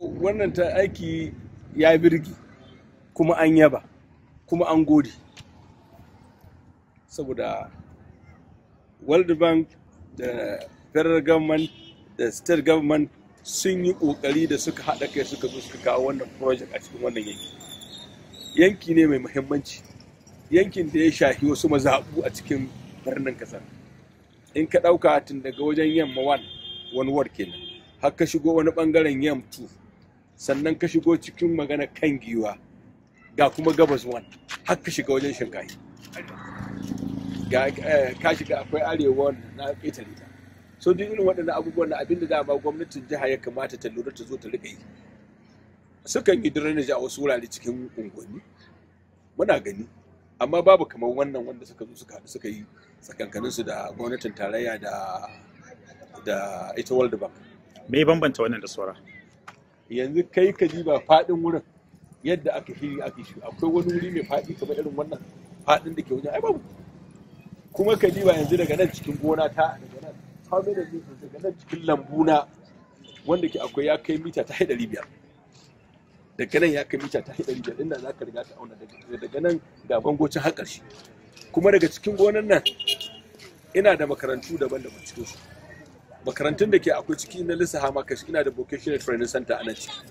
wannan ta aiki ya birgi kuma an yaba kuma an gode saboda world bank da federal government da state government sun yi kokari da suka haɗa kai suka zo suka kawo wannan project a cikin wannan yanki yanki ne mai muhimmanci yankin da ya shafi wasu mazaɓu a cikin birnin kasar in ka ɗauka tun daga wajen yamma 1 wani ward kenan har ka shigo wani ɓangaren yam 2 sannan ka shigo cikin magana kan giwa ga kuma gabas wan har ka shiga wajen ga eh, ka shiga akwai arewa na ƙetare ta so duk irin waɗannan abubuwan na abinda dama gwamnatin jiha ya kamata ta lura ta zo ta riƙa yi sukan yi drainage a wasu wurare cikin unguwanni muna gani amma babu kamar wannan wanda suka zo suka haɗu suka yi tsakankaninsu da gwamnatin tarayya da da ita world bank me bambanta wannan da saura yanzu kai ka ji ba faɗin wurin yadda aka shiri aka shi akwai wani wuri mai faɗi kamar irin wannan faɗin da ke wajen ai babu kuma ka ji ba yanzu daga nan cikin gona ta daga nan how many daga nan cikin lambu na wanda ke akwai ya kai mita ta ɗari biyar daga nan ya kai mita ta ɗari biyar inda za ka riga ka auna daga nan ga bangocin har ƙarshe kuma daga cikin gonan nan ina da makarantu daban-daban cikin su makarantun da ke akwai ciki na lissaha kashi ina da vocational training center a nan ciki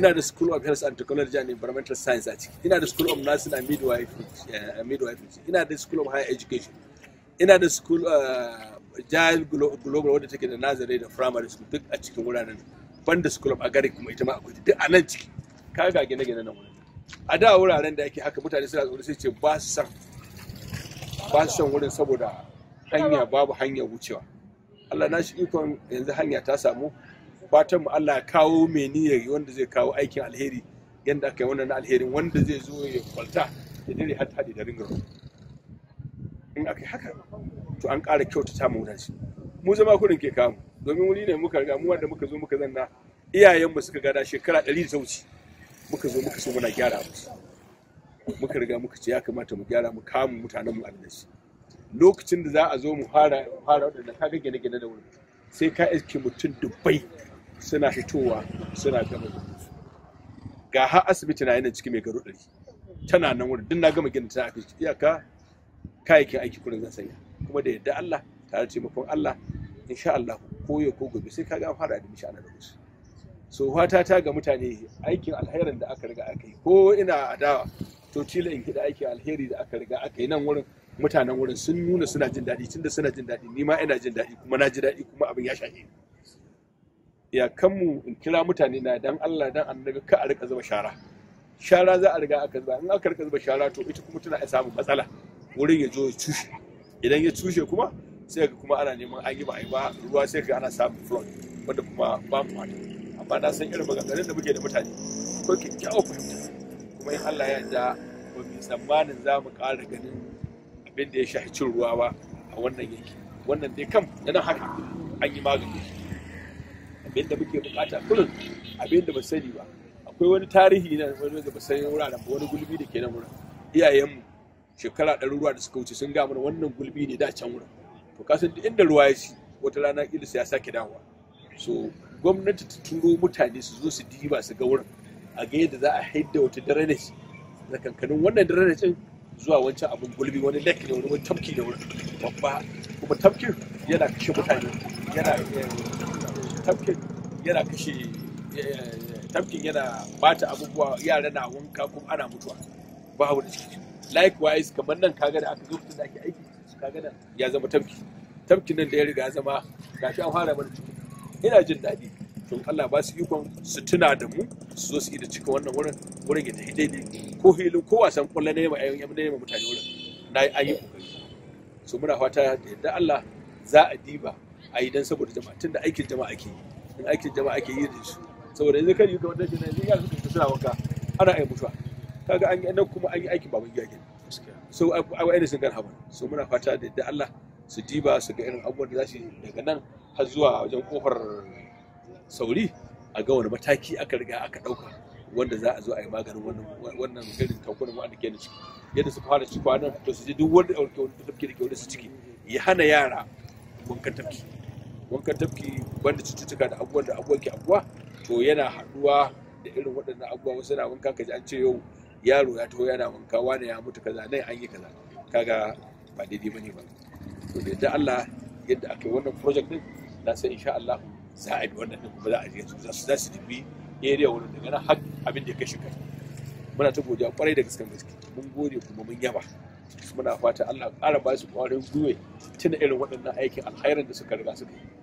ina da school of health and technology and environmental science a ciki ina da school of nursing and midwifery eh, ina da school of higher education ina da school eh, jihar global wadda take da nazare da primary school duk a cikin wuraren banda school of agaric kuma ita ma akwai duk a nan ciki ka ga gine-gine nan wurin a da wuraren da ake haka mutane suna tsoro sai ce ba su san ba su san wurin saboda hanya babu hanyar wucewa Allah na shi ikon yanzu hanya ta samu fatan mu Allah ya kawo mai niyyar wanda zai kawo aikin alheri yanda aka yi wannan na alherin wanda zai zo ya kwalta ya dare har haɗe da ringar in aka yi haka to an ƙara kyautata mu da shi mu zama kudin ke kamu domin wuri ne muka riga mu wanda muka zo muka zanna iyayenmu suka gada shekara ɗari da sauci muka zo muka so muna gyara musu muka riga muka ce ya kamata mu gyara mu kamu mutanenmu abin da shi lokacin da za a zo mu fara fara waɗanda kaga gine-gine da wuri sai ka iske mutum dubbai suna fitowa suna gama ga har asibiti na yana ciki mai garo ɗari tana nan wurin duk na gama gina ta aiki iyaka kayayyakin aiki kuma zan sanya kuma da yadda Allah tare da taimakon Allah insha Allah ko yau ko gobe sai kaga an fara da insha Allah da wasu so fata ta ga mutane aikin alherin da aka riga aka yi ko ina adawa to tila in kida aikin alheri da aka riga aka yi nan wurin mutanen wurin sun nuna suna jin daɗi tunda suna jin daɗi ni ma ina jin daɗi kuma na ji daɗi kuma abin ya shaƙe ni kanmu in kira mutane na dan Allah dan annabi ka a rika zuba shara shara za a riga aka zuba in aka rika zuba shara to ita kuma tana samun matsala wurin ya zo ya cushe idan ya cushe kuma sai ga kuma ana neman an yi ba a yi ba ruwa sai ga ana samun flood wanda kuma ba mu mata amma na san irin maganganun da muke da mutane ko kyakkyawa fahimta kuma in Allah ya yarda ba mu tsammanin za mu ƙara ganin abin da ya shahi cin ruwa ba a wannan yanki wannan dai kam da nan haka an yi magani abin da muke bukata kullum abin da ba sani ba akwai wani tarihi na wani da ba sani wuraren wani gulbi da ke nan wurin iyayenmu shekara ɗari ruwa da suka wuce sun ga mana wannan gulbi ne da can wurin to kasan duk inda ruwa ya ci wata rana ilisa ya sake dawowa so gwamnati ta turo mutane su zo su diba su ga wurin a ga yadda za a haidda wata drainage da kankanin wannan drainage din zuwa wancan abin gulbi wani lake da wani tafki da wani babba kuma tafkin yana kashe mutane yana eh, tafkin yana kashe eh, eh, tafkin yana bata abubuwa yara na wanka kuma ana mutuwa ba wani ciki likewise kamar nan kaga da aka zo da ake aiki kaga nan ya zama tafki tafkin nan da ya riga ya zama gashi an fara mana ciki ina jin daɗi to Allah ba su ikon su tuna da mu su zo su yi da cika wannan wurin wurin ya tafi daidai ko filin ko wasan kwallo ne ma ayyukan ne ma mutane wurin na an yi kokari so muna fata da yadda Allah za a diba a yi dan saboda jama'a da aikin jama'a ke yi aikin jama'a ke yi da su saboda yanzu kan yi ga wannan jina yanzu yi suka suna wanka ana ai mutuwa kaga an yi nan kuma an yi aikin baban gida kenan so a wa'ina sun gan haban so muna fata da yadda Allah su diba su ga irin abubuwan da za su daga nan har zuwa wajen kofar sauri a ga wani mataki aka riga aka ɗauka wanda za a zo a yi maganin wannan garin kankunan wanda ke da ciki yadda suka fara ciki kwanan to su je duk wanda ya wani tafki da ke wani su ciki ya hana yara wankan tafki wankan tafki banda cututtuka da abubuwan da abubuwan ke abuwa to yana haɗuwa da irin waɗannan abubuwa wasu na wanka kaji an ce yau yaro ya taho yana wanka wani ya mutu kaza nan an yi kaza kaga ba daidai bane ba to da Allah yadda aka yi wannan project din na san insha Allah za a bi wannan ɗin kuma za a je su za su tafi area wurin daga nan har abin da ya kashe kai muna ta godiya kwarai da gaskan gaske mun gode kuma mun yaba muna fata Allah ƙara ba su kwarin gwiwa tuna irin waɗannan aikin alkhairan da suka riga suka yi